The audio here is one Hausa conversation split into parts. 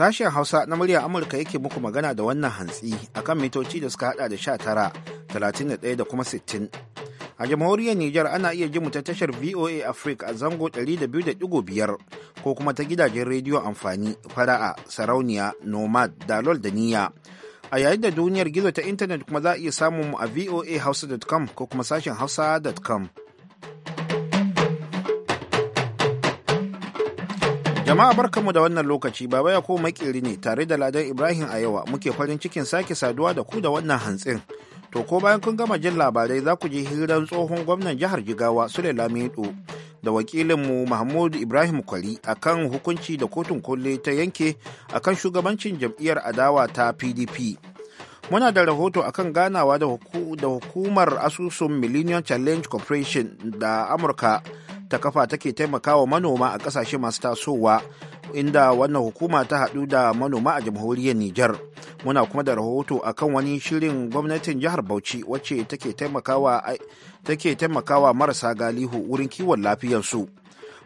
Sashen Hausa na murya Amurka yake muku magana da wannan hantsi kan mitoci da suka hada da sha tara, talatin da ɗaya da kuma sittin. A jamhuriyar Nijar ana iya ji mu ta tashar VOA Africa a zango da da biyu biyar, ko kuma ta gidajen rediyo amfani fara'a, sarauniya, nomad, dalol da Niya, A yayin da duniyar gizo ta intanet kuma za a iya samun mu a voahausa.com ko kuma sashen hausa.com. Jama'a mu da wannan lokaci baba ya ko makeri ne tare da ladan Ibrahim a yawa muke farin cikin sake saduwa da ku da wannan hantsin. To ko bayan kun gama jin labarai za ku je hirar tsohon gwamnan jihar Jigawa Sule Lamido da wakilinmu Mahmud Ibrahim Kwali akan hukunci da kotun kulle ta yanke akan shugabancin jam'iyyar adawa ta PDP. Muna da rahoto akan ganawa da hukumar asusun Millennium Challenge Corporation da Amurka ta kafa take taimakawa manoma a kasashe masu tasowa inda wannan hukuma ta haɗu da manoma a jamhuriyar Nijar. Muna kuma da rahoto a kan wani shirin gwamnatin jihar Bauchi wacce take taimakawa taimakawa marasa galihu wurin kiwon lafiyarsu.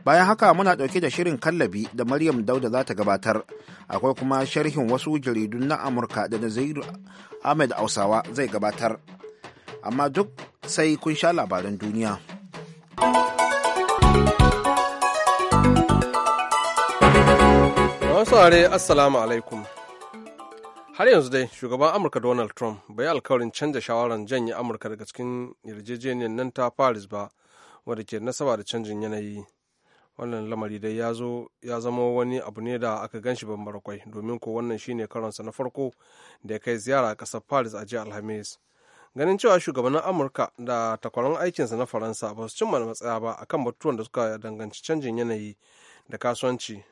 Bayan haka muna ɗauke da shirin kallabi da Maryam Dauda za ta gabatar. Akwai kuma sharhin wasu jaridun na Amurka da Nazir Ahmed Ausawa zai gabatar. Amma duk sai kun sha labaran duniya. saurare assalamu alaikum har yanzu dai shugaban amurka donald trump bai alkawarin canza shawarar janye amurka daga cikin yarjejeniyar nan ta paris ba wadda ke nasaba da canjin yanayi wannan lamari dai ya zo ya zama wani abu ne da aka ganshi bambara kwai domin ko wannan shine karonsa na farko da ya kai ziyara a ƙasar paris a jiya alhamis ganin cewa shugabannin amurka da takwaran aikinsa na faransa ba su cimma matsaya ba akan batutuwan da suka danganci canjin yanayi da kasuwanci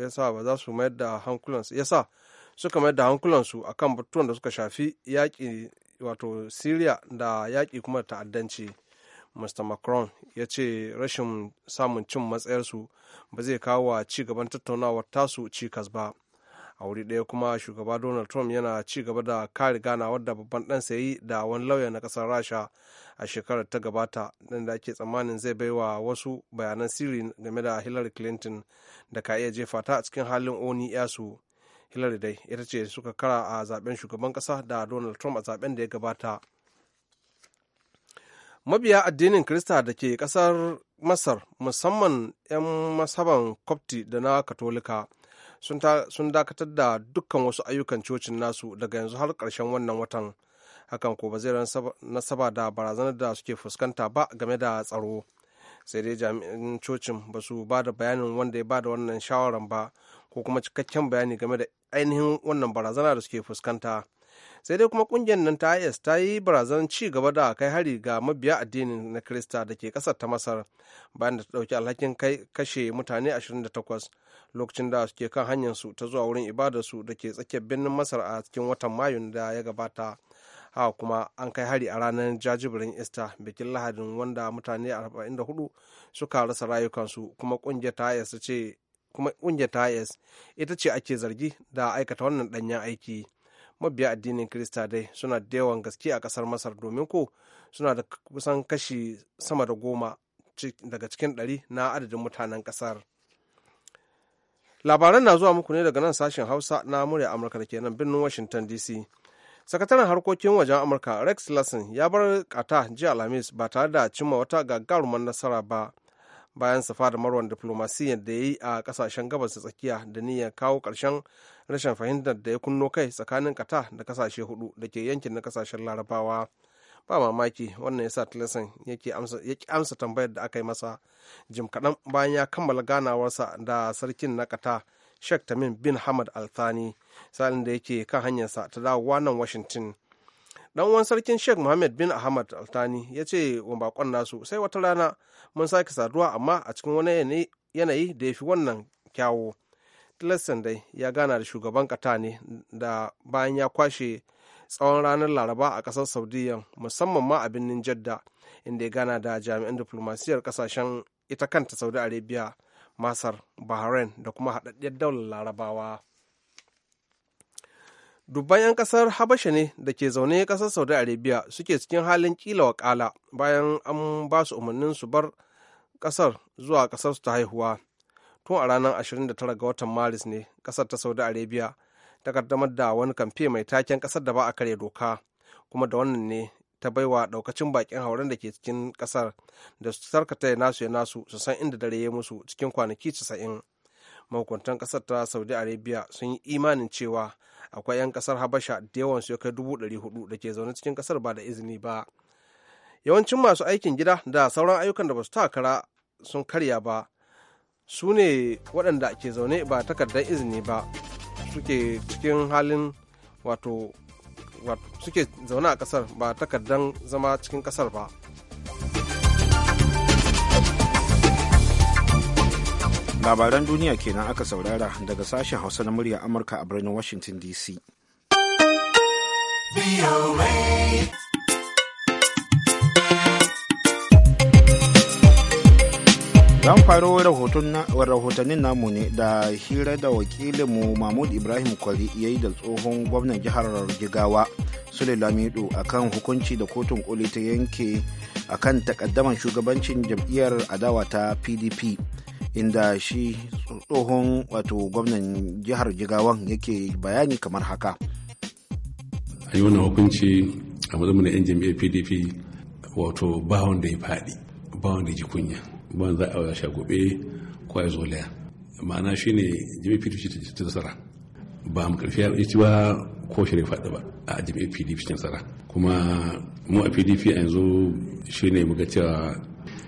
ya sa mayar da hankulansu ya sa suka mayar da hankulansu akan batutuwan da suka shafi yaƙi wato syria da yaƙi kuma ta'addanci mr macron ya ce rashin samun cin matsayarsu ba zai kawo wa ci gaban tattaunawar tasu cikas ba a wuri ɗaya kuma shugaba donald trump yana ci gaba da kare gana wadda babban ɗansa yi da wani lauya na kasar rasha a shekarar ta gabata nan da ake tsammanin zai baiwa wasu bayanan sirri game da hillary clinton da ka iya jefa ta a cikin halin oni yasu hillary dai ita ce suka kara a zaben shugaban ƙasa da donald trump a zaben da ya gabata mabiya addinin krista da ke kasar masar musamman 'yan masaban kofti da na katolika sun dakatar da dukkan wasu ayyukan cocin nasu daga yanzu har ƙarshen wannan watan hakan ko ba zai nasaba da barazanar da suke fuskanta ba game da tsaro sai dai jami'in cocin ba su ba da bayanin wanda ya ba da wannan shawaran ba ko kuma cikakken bayani game da ainihin wannan barazana da suke fuskanta sai dai kuma kungiyar nan ta is ta yi barazanar ci gaba da kai hari ga mabiya addinin na krista da ke kasar ta masar bayan da ta dauki alhakin kai kashe mutane 28 lokacin da suke kan hanyarsu ta zuwa wurin su da ke tsakiyar birnin masar a cikin watan mayun da ya gabata haka kuma an kai hari a ranar jajibirin easter bikin lahadin wanda mutane 44 suka rasa rayukansu kuma kungiyar ta is ce kuma kungiyar ta is ita ce ake zargi da aikata wannan danyen aiki mabiya addinin kirista dai suna da yawan gaske a kasar masar domin ko suna da kusan kashi sama da goma daga cikin ɗari na adadin mutanen kasar labaran na zuwa muku ne daga nan sashen hausa na murya amurka da ke nan birnin washington dc sakataren harkokin wajen amurka rex lesson ya bar kata jiya alhamis ba tare da cimma wata gagarumar nasara ba bayan safa da marwan diplomasiyyar da ya yi a kasashen gabas da tsakiya da niyyar kawo karshen. rashin fahimtar da ya kunno kai tsakanin kata da kasashe hudu da ke yankin na kasashen larabawa ba mamaki wannan yasa ya yake amsa tambayar da aka yi masa jim kaɗan bayan ya kammala ganawarsa da sarkin na kata sheikh tamim bin hamad althani salin da yake kan hanyarsa ta dawowa nan washington dan uwan sarkin sheikh muhammad bin ahmad altani ya ce wa bakon nasu sai wata rana mun sake saduwa amma a cikin wani yanayi da ya fi wannan kyawo tilastan dai ya gana da shugaban kata ne da bayan ya kwashe tsawon ranar laraba a ƙasar saudiya musamman ma a birnin jadda inda ya gana da jami'an diflomasiyyar ƙasashen ita kanta saudi arabia masar bahrain da kuma haɗaɗɗiyar daular larabawa dubban 'yan kasar habasha ne da ke zaune kasar saudi arabia suke cikin halin kila wakala bayan an ba su umarnin su bar kasar zuwa kasar su ta haihuwa tun a ranar 29 ga watan maris ne kasar ta saudi arabia ta kaddamar da wani kamfe mai taken kasar da ba a karya doka kuma da wannan ne ta baiwa daukacin bakin hauren da ke cikin kasar da su sarkata nasu ya nasu su san inda dare ya musu cikin kwanaki 90 mahukuntan kasar ta saudi arabia sun yi imanin cewa akwai 'yan kasar habasha da yawan su ya kai dubu ɗari hudu da ke zaune cikin kasar ba da izini ba yawancin masu aikin gida da sauran ayyukan da ba su takara sun karya ba su ne waɗanda ke zaune ba takardar izini ba suke cikin halin wato suke zaune a ƙasar ba takardar zama cikin ƙasar ba labaran duniya kenan aka saurara daga sashen hausa na murya amurka a birnin washington dc zan faro rahotannin namu ne da hira da wakilinmu mahmud ibrahim kwari ya yi da tsohon gwamnan jihar jigawa sule lamido kan hukunci da kotun koli ta yanke a kan takaddaman shugabancin jam'iyyar adawa ta pdp inda shi tsohon wato gwamnan jihar jigawan yake bayani kamar haka a yi wannan hukunci a matsayin 'yan jam'iyyar pdp wato ba wanda ya faɗi ba wanda ya ji kunya ban za a sha gobe ko ya zo laya ma'ana shine jami'ar pdp ta nasara ba mu karfi ya ci ba ko ne faɗi ba a jami'ar pdp ta nasara kuma mu a pdp a yanzu shine muga cewa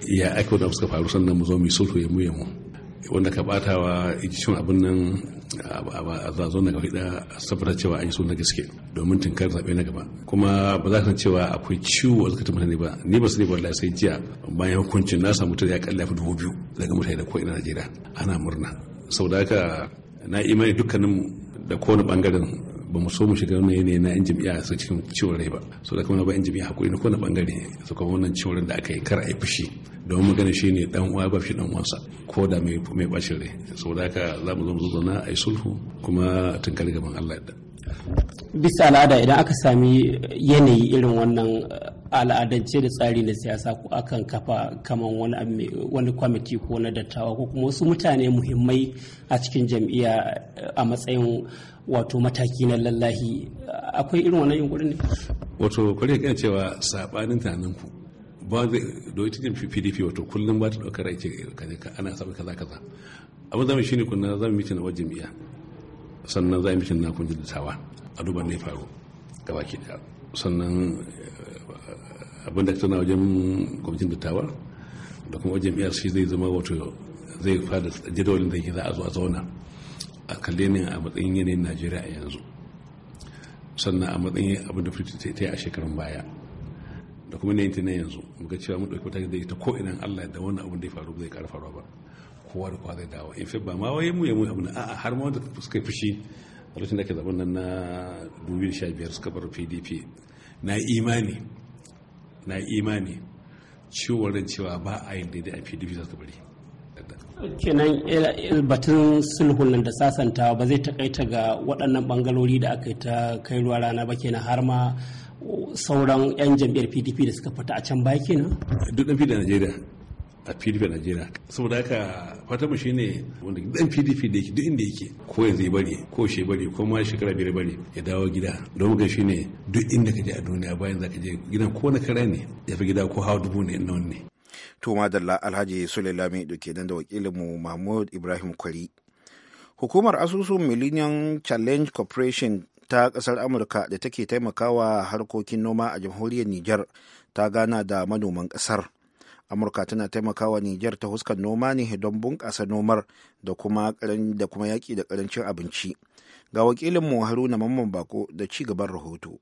ya ake wanda suka faru sannan mu zo mu sulhu ya mu wanda ka bata wa ijishin abin nan a zazo na gaba a saboda cewa an yi suna gaske domin tunkar zaɓe na gaba kuma ba za ka cewa akwai ciwo a zakatun mutane ba ni ba su ne wallahi sai jiya bayan hukuncin na samu tare ya kallafi dubu biyu daga mutane da ko ina najeriya ana murna saboda haka na imani dukkanin da kowane bangaren ba mu so mu shiga wani yanayi na yan jami'a su cikin ciwon rai ba so da na ba yan jami'a hakuri na kowane bangare su kuma wannan ciwon da aka yi kar a yi fushi don magana shi ne dan uwa ba shi dan uwansa ko da mai mai bacin rai saboda haka za mu zo mu zauna a yi sulhu kuma tunkari gaban Allah yadda bisa al'ada idan aka sami yanayi irin wannan al'adance da tsari na siyasa ko akan kafa kaman wani wani kwamiti ko na dattawa ko kuma wasu mutane muhimmai a cikin jam'iyya a matsayin wato mataki na lallahi akwai irin wannan yunkurin ne wato kwarai kan cewa sabanin tunanin ku ba zai doyi cikin pdp wato kullum ba ta ɗauka rai ce ana samun kaza kaza abin zamu shine kunna zamu mitin na wajen jami'a sannan zamu mitin na kun dattawa a duba ne faru gaba ki da sannan eh, abin da ta na wajen gwamnatin dattawa da kuma wajen biyar shi zai zama wato zai fada jadawalin da yake za a zo a zauna a kalle ne a matsayin yanayin najeriya a yanzu sannan a matsayin abin da ta yi a shekarun baya da kuma yanayin ta na yanzu muka cewa mu ɗauki matakin da ita ko idan Allah da wannan abin da ya faru zai ƙara faruwa ba kowa da kowa zai dawo in fi ba ma waye mu ya mu abu a'a har ma wanda suka fushi a lokacin da ke zaben nan na 2015 suka bar PDP na imani na imani ciwon ran cewa ba a yin daidai a PDP za su bari kenan batun sulhun nan da sasantawa ba zai takaita ga waɗannan bangalori da aka yi ta kai ruwa rana ba kenan har ma sauran 'yan jam'iyyar pdp da suka fita a can baya kenan duk ɗan pdp najeriya a pdp a najeriya saboda haka fata mu shine wanda dan pdp da yake duk inda yake ko yanzu ya bari ko shi bari ko ma shekara biyar bari ya dawo gida don ga shine duk inda ka je a duniya bayan zaka je gidan ko na kare ne ya fi gida ko hawa dubu ne na wani to madalla alhaji lami da ke nan da wakilin mu mahmud ibrahim kwari hukumar asusun millennium challenge corporation ta ƙasar amurka da take taimakawa harkokin noma a jamhuriyar niger ta gana da manoman ƙasar amurka tana taimakawa niger ta huskar noma ne don bunƙasa nomar da kuma yaƙi da ƙarancin abinci ga wakilinmu haruna mamman bako da ci gaban rahoto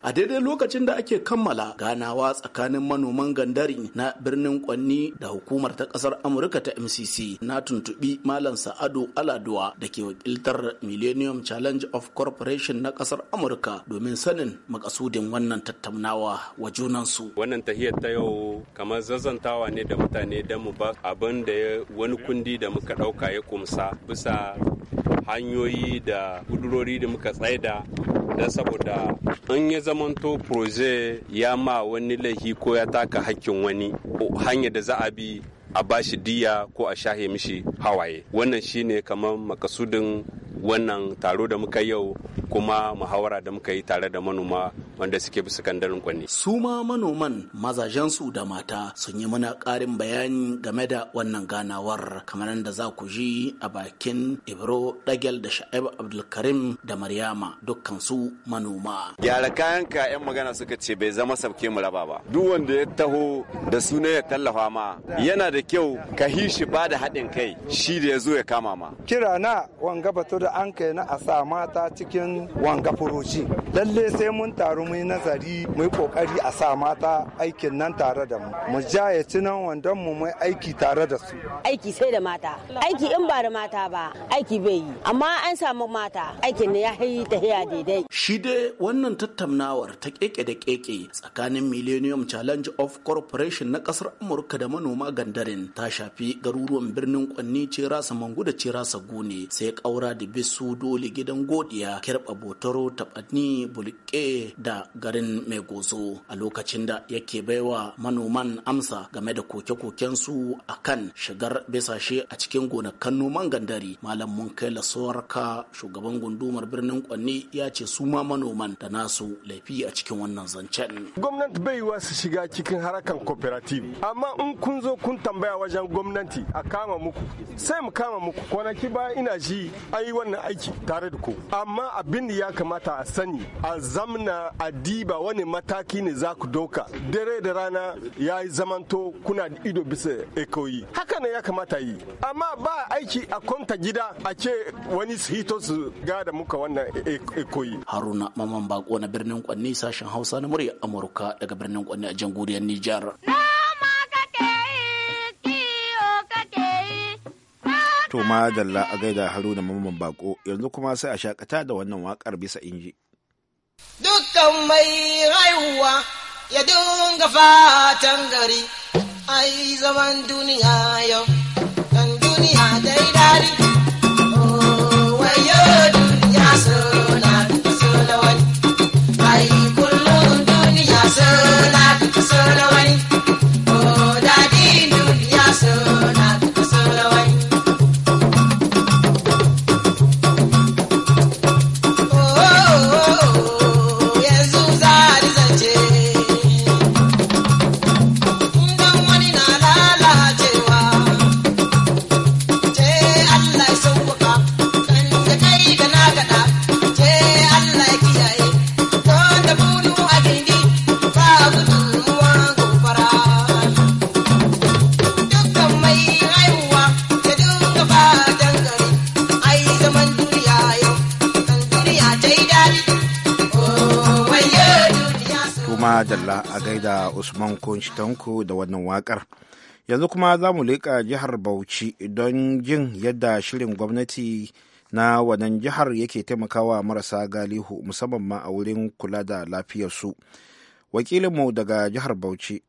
a daidai lokacin da ake kammala ganawa tsakanin manoman gandari na birnin kwanni da hukumar ta kasar amurka ta mcc na tuntubi malam sa'adu aladuwa da ke wakiltar millennium challenge of corporation na kasar amurka domin sanin makasudin wannan tattaunawa wa junansu wannan tahiyar ta yau kamar zazantawa ne da mutane da mu ba abin da wani kundi da muka dauka ya kumsa bisa hanyoyi da kudurori da muka tsaida dan saboda in ya zamanto proje ya ma wani laihi ko ya taka hakkin wani hanyar da za a bi a ba shi diya ko a shahe mishi hawaye wannan shine kamar makasudin wannan taro da muka yau kuma muhawara da muka yi tare da manoma wanda suke bisa kandarin kwanni. Su ma manoman mazajensu da mata sun yi mana karin bayani game da wannan ganawar kamar da za ku ji a bakin Ibro Dagel da Sha'ib Abdulkarim da Maryama dukkansu manoma. Gyara kayan ka 'yan magana suka ce bai zama sabke mu raba ba. Duk wanda ya taho da suna ya tallafa ma yana da da kyau ka shi ba da haɗin kai shi da ya zo ya kama ma. Kira na wanga batu da an kai na a sa mata cikin wanga furoci. Lalle sai mun taru mu nazari mu yi kokari a sa mata aikin nan tare da mu. Mu ci nan wandon mu mai aiki tare da su. Aiki sai da mata. Aiki in ba da mata ba aiki bai yi. Amma an samu mata aikin ne ya yi hiya daidai. Shi dai wannan tattaunawar ta keke da keke tsakanin Millennium Challenge of Corporation na ƙasar Amurka da manoma gandar lamarin ta shafi garuruwan birnin kwanni ce rasa mangu da ce rasa gune sai kaura da bisu dole gidan godiya kirba botaro tabani bulke da garin mai gozo a lokacin da yake baiwa manoman amsa game da koke koken su akan shigar besashe a cikin gonakan noman gandari malam mun kai lasuwarka shugaban gundumar birnin kwanni ya ce su ma manoman da nasu laifi a cikin wannan zancen gwamnati bai su shiga cikin harakan cooperative amma in kun zo kun tam tambaya wajen gwamnati a kama muku sai mu kama muku kwanaki ba ina ji a yi wannan aiki tare da ku amma abin da ya kamata a sani a zamna a diba wani mataki ne za ku doka dare da rana ya yi zamanto kuna ido bisa ekoyi haka ne ya kamata yi amma ba aiki a kwanta gida a ce wani su hito su gada muka wannan ekoyi haruna maman bako na birnin kwanne sashen hausa na murya amurka daga birnin kwanne a jamhuriyar nijar ah! To madalla a gaida haruna mamman bako yanzu kuma sai a shakata da wannan wakar bisa inji. Dukkan mai haihuwa ya dunga fatan gari, ai zaman duniya yau, kan duniya dai daidari. jalla a gaida usman kunshi da wannan wakar yanzu kuma za mu leƙa jihar bauchi don jin yadda shirin gwamnati na wannan jihar yake taimakawa marasa galihu musamman ma a wurin kula da lafiyarsu wakilinmu daga jihar bauchi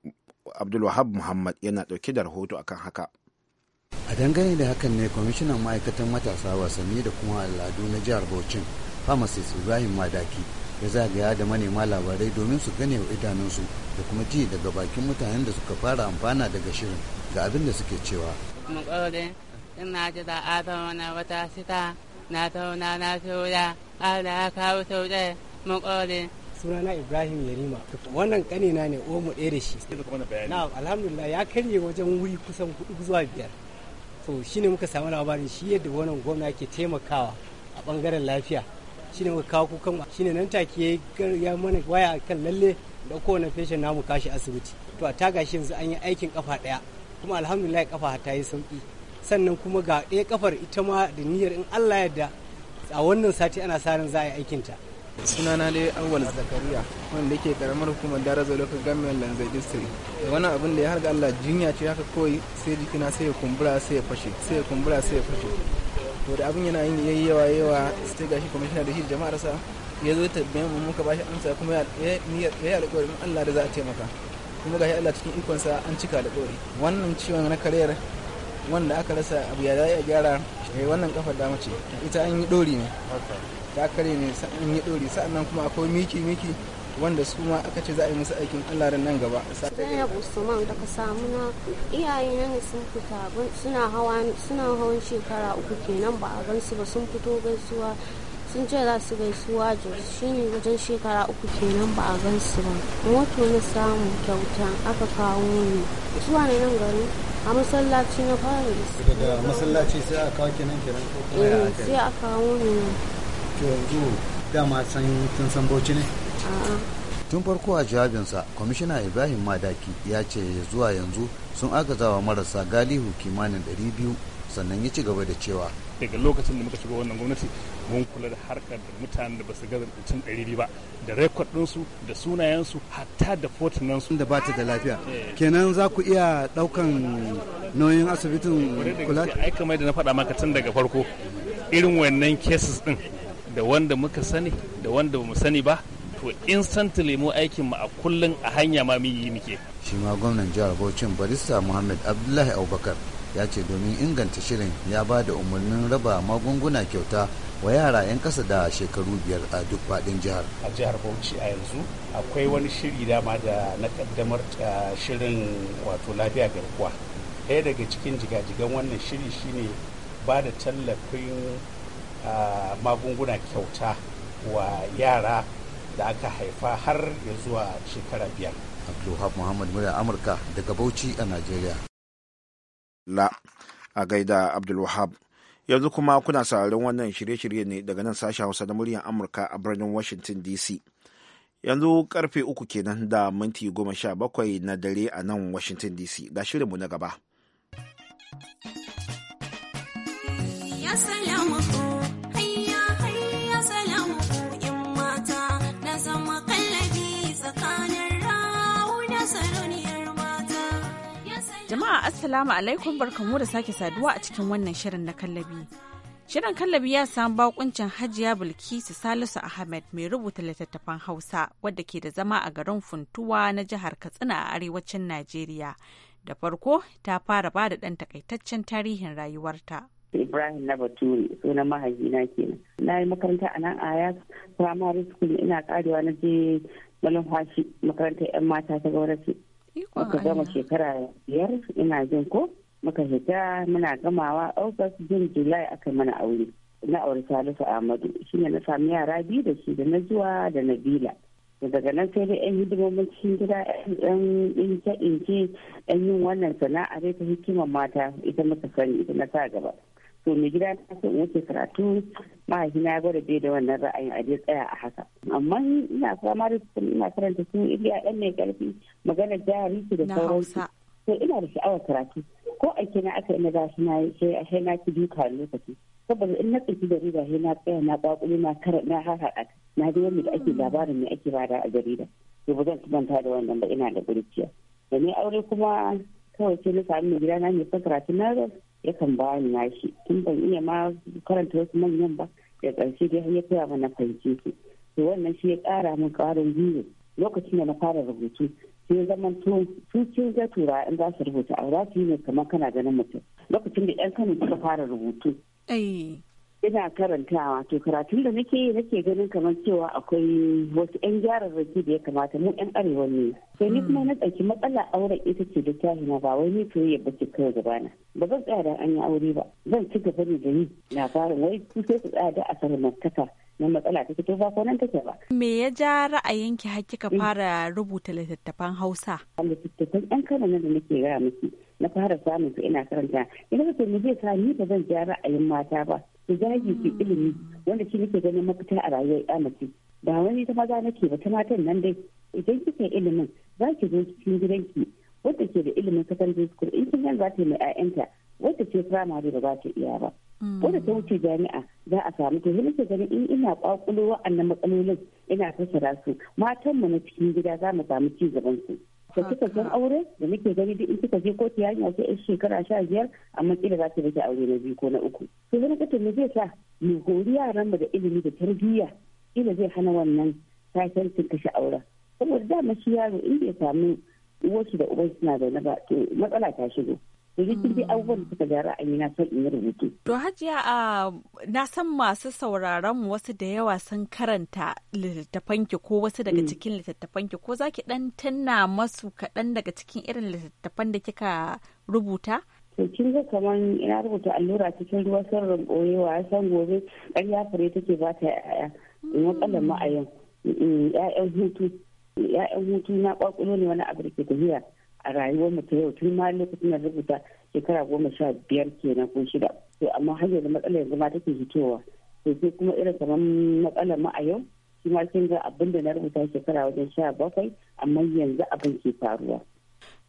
abdulwahab muhammad yana ɗauke da rahoto akan haka a dangane da hakan ne kwamishinan ma'aikatan matasa wasanni da kuma al'adu na jihar bauchin pharmacist ibrahim madaki ya zagaya da manema labarai domin su gane wa idanunsu da kuma ji daga bakin mutanen da suka fara amfana daga shirin ga abin da suke cewa. ina ji da wata sita na zauna na ya kawo sauɗe sunana ibrahim yarima wannan kanina ne omu ɗaya da shi alhamdulillah ya karye wajen wuri kusan hudu zuwa biyar to shine muka samu labarin shi yadda wannan gwamna ke taimakawa a bangaren lafiya shine muka kawo kukan shine nan take ya mana waya kan lalle da kowane feshin namu kashi asibiti to a taga shi yanzu an yi aikin kafa daya kuma alhamdulillah kafa ta yi sauki sannan kuma ga ɗaya kafar ita ma da niyyar in Allah yarda a wannan sati ana sa ran za a yi aikin ta sunana dai awal zakariya wanda yake karamar hukumar darajar local government lanzai district wannan abin da ya harga Allah jinya ce haka koyi sai jikina sai ya kumbura sai ya fashe sai ya kumbura sai ya fashe to da abin yana yin yayi yawa yawa sai gashi kwamishina da shi jama'ar sa ya zo tabbayan mu muka bashi amsa kuma ya yi alƙawarin Allah da za a taimaka kuma gashi Allah cikin sa an cika alƙawari wannan ciwon na karyar wanda aka rasa abu ya zai a gyara eh, wannan kafar dama ce ita an yi dori ne ta kare ne an yi dori sa'annan kuma akwai miki miki wanda su ma aka ce za a yi musu aikin Allah nan gaba. Zainab Usman daga samu na iyaye na ne sun fita suna hawa suna hawan shekara uku kenan ba a gansu ba sun fito gaisuwa sun ce za su gaisuwa Jos shine wajen shekara uku kenan ba a gansu ba. Moto na samu kyauta aka kawo ni zuwa na nan gari a masallaci na fara daga masallaci sai a kawo kenan kenan ko kuma ya eh, sai a kawo ni yanzu dama san tun san bauchi ne tun farko a jawabinsa kwamishina ibrahim madaki ya ce zuwa yanzu sun agaza wa marasa galihu kimanin 200 sannan ya ci gaba da cewa daga lokacin da muka shiga wannan gwamnati mun kula da harkar da mutanen da basu gaza mutum ɗari ba da rekod su da sunayensu hatta da fotunan su da ba ta da lafiya eh. kenan za ku iya ɗaukan nauyin asibitin kula ai kamar da na faɗa maka tun daga farko irin wannan cases din da wanda muka sani da wanda bamu sani ba to instantly mu aikin mu a kullun a hanya ma mun yi muke shi ma gwamnan jihar Bauchi barista Muhammad Abdullahi Abubakar ya ce domin inganta shirin ya ba da umarnin raba magunguna kyauta wa yara 'yan kasa da shekaru biyar a duk faɗin jihar. A jihar Bauchi a yanzu akwai wani shiri dama da na kaddamar shirin wato lafiya garkuwa. Ɗaya daga cikin jigajigan wannan shiri shine ba da tallafin magunguna kyauta wa yara da aka haifa har ya zuwa shekara biyar abdulhab muhammad murya amurka daga bauchi a najeriya la a gaida abdulwahab yanzu kuma kuna sararin wannan shirye-shirye ne daga nan sashen hausa da muryar amurka a birnin washington dc yanzu karfe uku kenan da minti goma sha bakwai na dare a nan washington dc ga shirinmu na gaba ya salamu Jama'a Assalamu alaikum barkamu da sake saduwa a cikin wannan shirin na kallabi. Shirin kallabi ya samu bakuncin Hajiya Bilkisu Salisu Ahmed mai rubuta littattafan Hausa wadda ke da zama a garin Funtuwa na jihar Katsina a arewacin Najeriya. Da farko ta fara ba da ɗan takaitaccen tarihin rayuwarta. Ibrahim na Bature sunan mahaifina kenan. Na yi makaranta a nan a primary school ina karewa na je malumfashi makarantar 'yan mata ta gwamnati. muka gama shekara biyar ina jin ko muka hita muna gamawa august jin july aka mana aure na aure salisu ahmadu shine na sami yara biyu da shi da na zuwa da nabila daga nan sai dai yan hidimomin cikin gida yan ince ince yan yin wannan sana'a dai ta hikimar mata ita muka sani ita na sa gaba to mai gida na so in yake karatu mahaifina ya gwada bai da wannan ra'ayin a tsaya a haka amma ina primary school ina karanta su iya dan mai karfi maganar jihar da sauransu to ina da sha'awar karatu ko aiki na aka ina gashi na sai na ki duka lokaci saboda in na da jarida sai na tsaya na bakuli na kara na harhaɗa na ga wani da ake hmm. labarin me ake bada a jarida to ba zan manta da wannan ba ina da burciya da ni aure kuma kawai sai na sami gida na mai karatu na yakan ba ni nashi tun ban iya ma karanta wasu manyan ba da ƙarshe dai ya koya mana fahimce su to wannan shi ya ƙara min karin gwiwa lokacin da na fara rubutu sai zaman su cin ga tura in za su rubuta a za ne kamar kana ganin mutum lokacin da yan kano suka fara rubutu ina karantawa to karatun da nake nake ganin kamar cewa akwai wasu 'yan gyaran rage da ya kamata mu 'yan arewa ne sai ni kuma na tsaki matsala auren ita ce littafi na ba wani ni ya bace ce kawai na ba zan tsaya an yi aure ba zan ci gaba ne da ni na fara wai ku sai ku tsaya da a mataka na matsala ta fito ba ko nan take ba. Me ya ja ra'ayinki har kika fara rubuta littattafan Hausa? Littattafan 'yan kana nan da nake gaya miki na fara samun su ina karanta ina ba mu zai sa ni ba zan ja ra'ayin mata ba da zagi ke ilimi wanda shi nake ganin mafita a rayuwar ya mace ba wani ta maza nake ba ta matan nan dai idan kika ilimin za ki zo cikin gidanki wadda ke da ilimin secondary school in kin za ta yi mai 'ya'yanta wadda ce firamare ba za ta iya ba mm. wadda ta wuce jami'a za a samu to nake ganin in ina kwakulo wa'annan matsalolin ina fassara su matan mu na cikin gida za mu samu ci gaban su da kika san aure da nake gani duk in kika je kotu yarinya ce yan shekara sha biyar amma kila za ta rage aure na biyu ko na uku to zan kace me zai sa mu gori yaran mu da ilimi da tarbiyya kila zai hana wannan sasancin kashe aure saboda dama shi yaro in bai samu wasu da uban suna na ba to matsala ta shigo to duk hmm. abubuwan da suka na son in To Hajiya a na san masu sauraron wasu da yawa sun karanta littattafan ko wasu daga hmm. cikin littattafan ki ko zaki dan tunna masu kaɗan daga cikin irin littattafan da kika rubuta? to kin ga kamar ina rubuta allura cikin ruwa sirrin ɓoyewa san gobe ƙarya fure take ba ta yaya in hmm. matsalar ma'ayin ya'yan hutu ya'yan hutu na ƙwaƙulo ne wani abu da ke tafiya a rayuwar mu ta yau tun ma lokacin da rubuta shekara goma sha biyar kenan ko shida to amma har yanzu matsalar yanzu ma take hitowa to sai kuma irin kamar matsalar mu a yau shi ma kin ga abin da na rubuta shekara wajen sha bakwai amma yanzu abin ke faruwa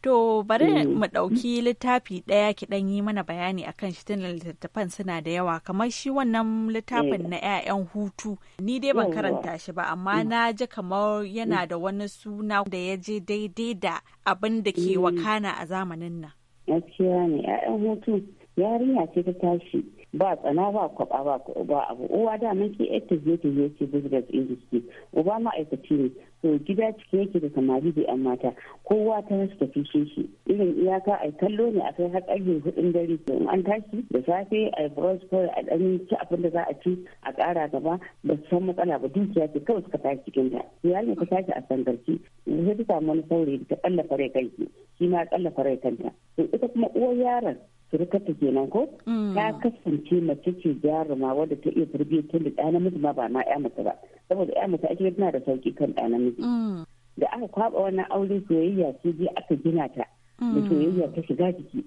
To bari mm. mu ɗauki littafi ɗaya ki ɗan yi mana bayani akan shi tun littattafan suna da yawa kamar shi wannan littafin mm. na 'ya'yan hutu ni dai ban karanta shi ba amma mm. na ji kamar yana da wani suna da ya je daidai da abin da ke wakana a zamanin nan. Gaskiya ne 'ya'yan hutu yarinya ce ta tashi ba tsana ba kwaba ba ba abu uwa da mun ke yar tafiye tafiye ce business industry uba ma'aikaci ne to gida cike yake da samari da yan mata kowa ta rasu tafi shi irin iyaka a kallo ne a kai har ƙarfe hudun dare to in an tashi da safe a brush kawai a ɗan ci abin da za a ci a ƙara gaba ba su san matsala ba dukiya ce kawai suka tashi cikin ta iyalin ka tashi a sangarci sai ta samu wani saurayi ta ƙalla fare kanki shi ma ƙalla fare kanta to ita kuma uwar yaron surukarta kenan ko mm. ta kasance mace ce jaruma wadda ta iya tarbiyyantar da ɗa namiji ma ba ma ya mace ba saboda ya mace ake tana da sauki kan ɗa namiji mm. da aka kwaba wannan aure soyayya ce je aka gina ta da mm. soyayya ta shiga jiki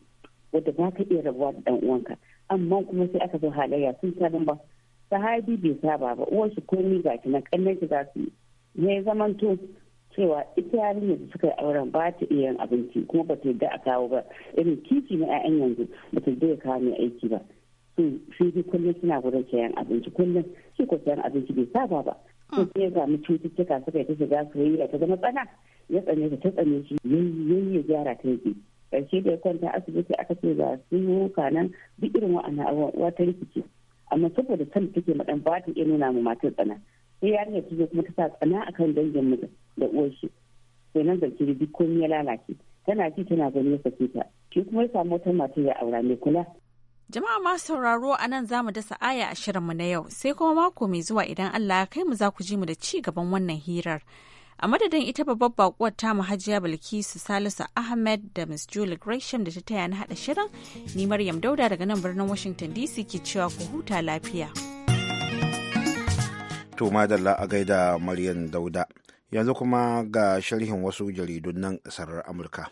wadda ba ka iya rabuwa da ɗan uwanka amma kuma sai aka zo halayya sun sanin ba sahabi bai saba ba uwarsu komi ga shi na kallon shi za su yi ya zamanto cewa ita yarinyar da suka yi auren ba ta iya yin abinci kuma ba ta yadda a kawo ba irin kici na 'ya'yan yanzu ba ta yadda ya kawo mai aiki ba sun ji kullum suna gudun cayan abinci kullum shi ko sayan abinci bai saba ba hmm. sai ya samu cututtuka suka yi ta shiga yi ta zama tsana ya tsane ta ta tsane shi yayi ya gyara ta yi karshe da ya kwanta asibiti aka ce ga su nan duk irin wa'annan abubuwa ta rikici amma saboda san take maɗan ba ta iya nuna ma matar tsana sai ya ta kuma ta sa tsana akan dangin mu da uwar shi sai nan zance duk komai ya lalace tana ji tana gani ya sake ta shi kuma ya samu wata mata ya aura mai kula Jama'a masu sauraro a nan za mu dasa aya a shirin mu na yau sai kuma mako mai zuwa idan Allah ya kai mu za ku ji mu da ci gaban wannan hirar. A madadin ita babbar bakuwar ta Hajiya Bilkisu Salisu Ahmed da Miss Julie Gresham da ta taya na haɗa shirin, ni Maryam Dauda daga nan birnin Washington DC ke cewa ku huta lafiya. To madalla a gaida Maryam Dauda. Yanzu kuma ga sharhin wasu jaridun nan sarar Amurka.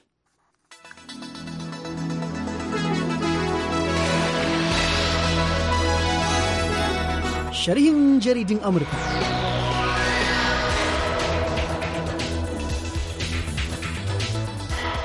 Sharhin jaridin Amurka.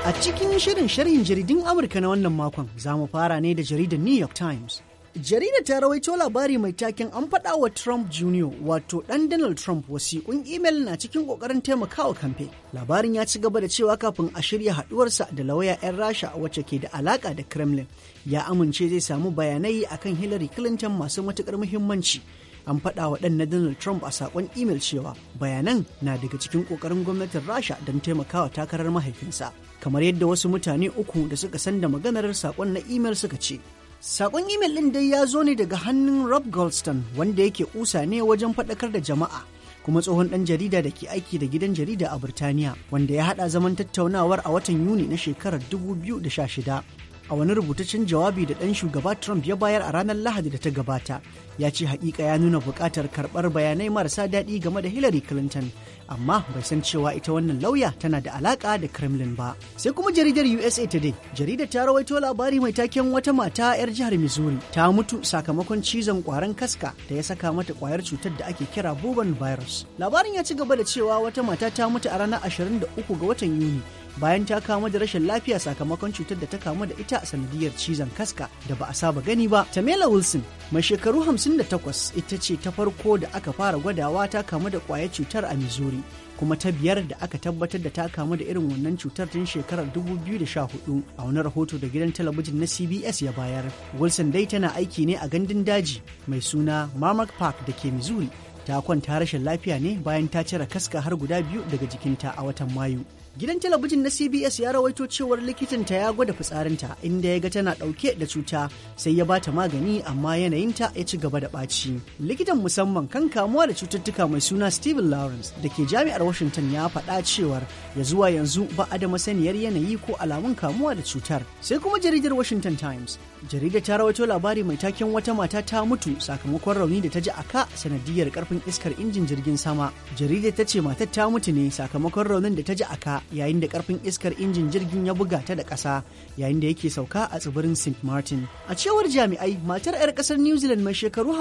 A cikin shirin sharhin jaridun Amurka na wannan makon, za mu fara ne da jaridar New York Times. Jarida ta rawaito labari mai taken an faɗa wa Trump Jr. wato dan Donald Trump wasiƙun imel na cikin ƙoƙarin taimakawa kamfe. Labarin ya ci gaba da cewa kafin a shirya haɗuwarsa da lauya 'yan Rasha wacce ke da alaƙa da Kremlin ya amince zai samu bayanai akan Hillary Clinton masu matuƙar muhimmanci. An faɗa wa ɗan na Donald Trump a saƙon imel cewa bayanan na daga cikin ƙoƙarin gwamnatin Rasha don taimakawa takarar mahaifinsa. Kamar yadda wasu mutane uku da suka sanda maganar saƙon na imel suka ce, Sakon imel ɗin dai ya zo ne daga hannun Rob Goldstone wanda yake usa ne wajen faɗakar da jama'a kuma tsohon ɗan jarida da ke aiki da gidan jarida a Birtaniya wanda ya haɗa zaman tattaunawar a watan Yuni na shekarar 2016. a wani rubutaccen jawabi da ɗan shugaba Trump ya bayar a ranar Lahadi da ta gabata ya ce haƙiƙa ya nuna buƙatar karɓar bayanai marasa daɗi game da Hillary Clinton amma bai san cewa ita wannan lauya tana da alaƙa da Kremlin ba. Sai kuma jaridar USA Today, jaridar ta rawaito labari mai taken wata mata 'yar jihar Missouri ta mutu sakamakon cizon ƙwaron kaska da ya saka mata ƙwayar cutar da ake kira Bourbon virus. Labarin ya ci gaba da cewa wata mata ta mutu a ranar 23 ga watan Yuni bayan ta kamu da rashin lafiya sakamakon cutar da ta kamu da ita a sanadiyar cizon kaska da ba a saba gani ba. Tamela Wilson mai shekaru hamsin da takwas ita ce ta farko da aka fara gwadawa ta kamu da kwayar cutar a Missouri. kuma ta biyar da aka tabbatar da ta kamu da irin wannan cutar tun shekarar 2014 a wani rahoto da gidan talabijin na CBS ya bayar. Wilson dai tana aiki ne a gandun daji mai suna mamak Park da ke Missouri ta kwanta rashin lafiya ne bayan ta cire kaska har guda biyu daga jikinta a watan Mayu. Gidan talabijin na CBS ya rawaito cewar likitanta ya gwada fitsarinta inda ya ga tana ɗauke da cuta sai ya bata magani amma yanayinta ya ci gaba da ɓaci. Likitan musamman kan kamuwa da cututtuka mai suna Steven Lawrence da ke jami'ar Washington ya faɗa cewar ya zuwa yanzu ba a da masaniyar yanayi ko alamun kamuwa da cutar. Sai kuma jaridar Washington Times jaridar ta rawaito labari mai taken wata mata ta mutu sakamakon rauni da ta ji aka sanadiyar karfin iskar injin jirgin sama jaridar ta ce matar ta mutu ne sakamakon raunin da ta ji aka yayin da karfin iskar injin jirgin ya buga ta da ƙasa yayin da yake sauka a tsibirin st martin a cewar jami'ai matar 'yar ƙasar new zealand mai shekaru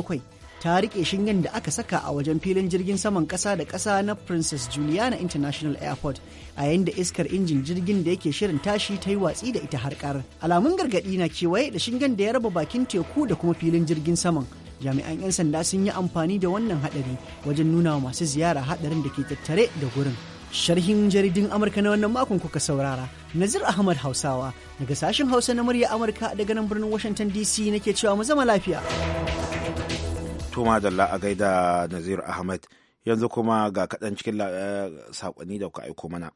bakwai. ta rike shingen da aka saka a wajen filin jirgin saman kasa da kasa na Princess Juliana International Airport a yayin da iskar injin jirgin da yake shirin tashi ta yi watsi da ita harkar. Alamun gargadi na kewaye da shingen da ya raba bakin teku da kuma filin jirgin saman. Jami'an 'yan sanda sun yi amfani da wannan hadari wajen nuna wa masu ziyara hadarin da ke tattare da gurin. Sharhin jaridin Amurka na wannan makon kuka saurara, Nazir Ahmad Hausawa daga sashen Hausa na murya Amurka daga nan birnin Washington DC nake cewa mu zama lafiya. Tuma Dalla a gaida Nazir Ahmad yanzu kuma ga kaɗan cikin eh, saƙonni da kuka aiko mana.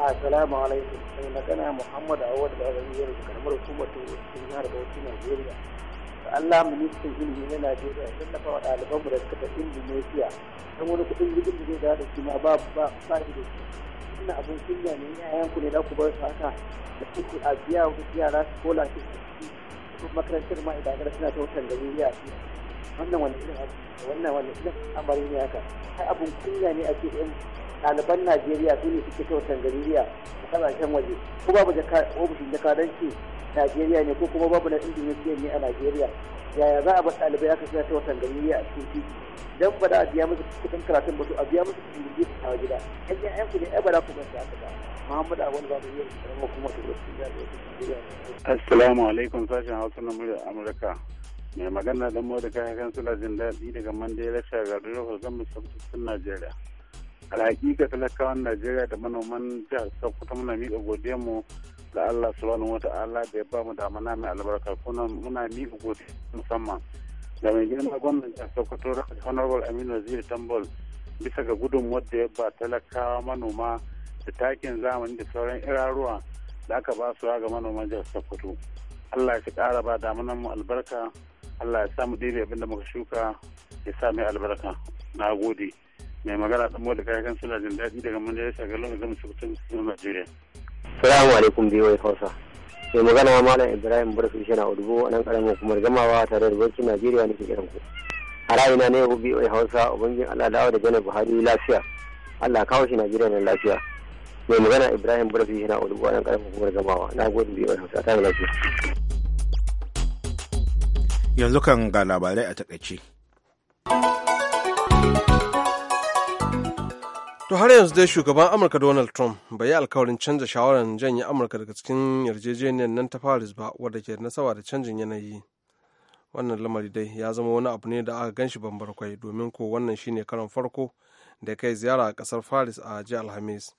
Assalamu alaikum sai magana Muhammad Awad da Azamiyar karamar hukumar Turai jihar Bauchi Najeriya. Allah ministan ilimi na Najeriya sun dafa wa mu da suka tafi Indonesia don wani kuɗin jirgin da zai da shi ma ba ba ba shi. suna abin kunya ne yayan ku ne da ku bar su haka da kuku a biya wasu yara su kola su su makarantar ma idan gara suna tautan da wuriya su wannan wani irin wannan wani irin amari ne haka har abin kunya ne ake yan ɗaliban Najeriya su ne suke tautan da wuriya a ƙasashen waje ko babu jakadaranci najeriya ne ko kuma babu na indonesia ne a najeriya yaya za a bar ɗalibai aka suna ta watan gani a cikin titi dan ba da a biya musu kuɗin karatun ba su a biya musu kuɗin da su gida yan yi yanku ne ai ba za ku bar aka ba muhammad awal ba mu yi karamar kuma da Najeriya assalamu alaikum sashen hausa na murya amurka mai magana dan mota kayan kan suna jin daɗi daga mandela shagarar yau zan musamman najeriya a hakika talakawan najeriya da manoman jihar sokoto muna miƙa godiyar mu da Allah subhanahu wa ta'ala da ya ba mu damana mai albarka kuna muna mi gode musamman da mai girma gwamnan jihar Sokoto Honorable Aminu Waziri Tambol bisa ga gudun da ya ba talakawa manoma da takin zamani da sauran iraruwa da aka ba su ga manoman jihar Sokoto. Allah ya kara ba damana mu albarka, Allah ya samu dire abin da muka shuka ya sa mai albarka. Na gode. Mai magana ɗan da kayan sulajin daɗi daga mun da ya shagalin da zama Sokoto Najeriya. Salamu alaikum biyu Hausa. Mai magana Malam Ibrahim Burfi shi na Udubo a nan karamin hukumar gamawa tare da bankin Najeriya ne ke kiran ku. A ra'ayina ne ku biyu Hausa ubangin Allah da'awa da Janar Buhari lafiya. Allah kawo shi Najeriya na lafiya. Mai magana Ibrahim Burfi shi na a nan karamin hukumar gamawa. Na gode biyu Hausa ta lafiya. Yanzu kan ga labarai a takaice. To har yanzu dai shugaban Amurka Donald Trump bai yi alkawarin canza shawarar janye Amurka daga cikin yarjejeniyar nan ta Paris ba wadda ke nasaba da canjin yanayi. Wannan lamari dai ya zama wani abu ne da aka ganshi kwai domin ko wannan shine karon farko da kai ziyara a kasar Paris a jiya Alhamis.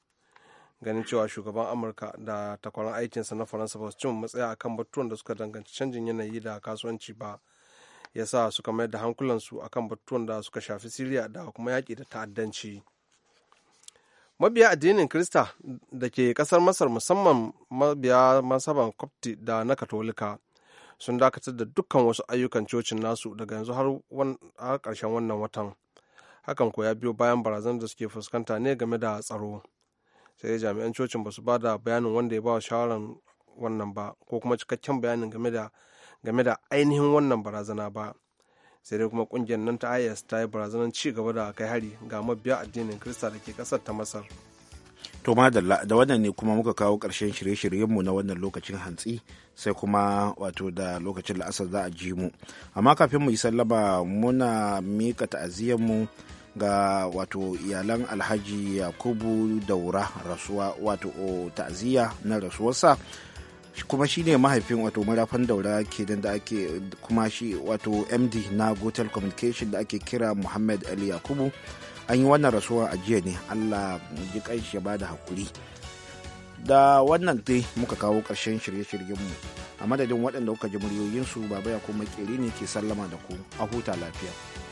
Ganin cewa shugaban Amurka da takwaran aikinsa na Faransa ba su cin matsaya akan batutuwan da suka danganci canjin yanayi da kasuwanci ba. ya sa suka mayar da hankulansu akan batutuwan da suka shafi Siriya da kuma yaƙi da ta'addanci. mabiya addinin krista da ke kasar masar musamman mabiya masaban kwafti da na katolika sun dakatar da dukkan wasu ayyukan cocin nasu daga yanzu har karshen wannan watan hakan ko ya biyo bayan barazan da suke fuskanta ne game da tsaro sai dai jami'an cocin ba su ba da bayanin wanda ya ba wa shawarar wannan ba ko kuma cikakken bayanin game da ainihin wannan barazana ba sai dai kuma kungiyar nan ta is ta yi barazanar ci gaba da kai hari ga mabiya addinin krista da ke kasar ta masar to madalla da wannan ne kuma muka kawo ƙarshen shirye-shiryenmu na wannan lokacin hantsi sai kuma wato da lokacin la'asar za a ji mu amma kafin mu yi sallaba muna mika mu ga wato iyalan alhaji yakubu daura rasuwa wato ta'aziyya na rasuwarsa kuma shi ne mahaifin wato marafan daura kenan da ake kuma shi wato md na gotel communication da ake kira muhammad ali yakubu an yi wannan rasuwa a jiya ne allah ji kai shi ba da hakuri da wannan dai muka kawo ƙarshen shirye-shiryenmu a madadin waɗanda kuka ji muryoyinsu baba ya kuma ƙeri ne ke sallama da ku a huta lafiya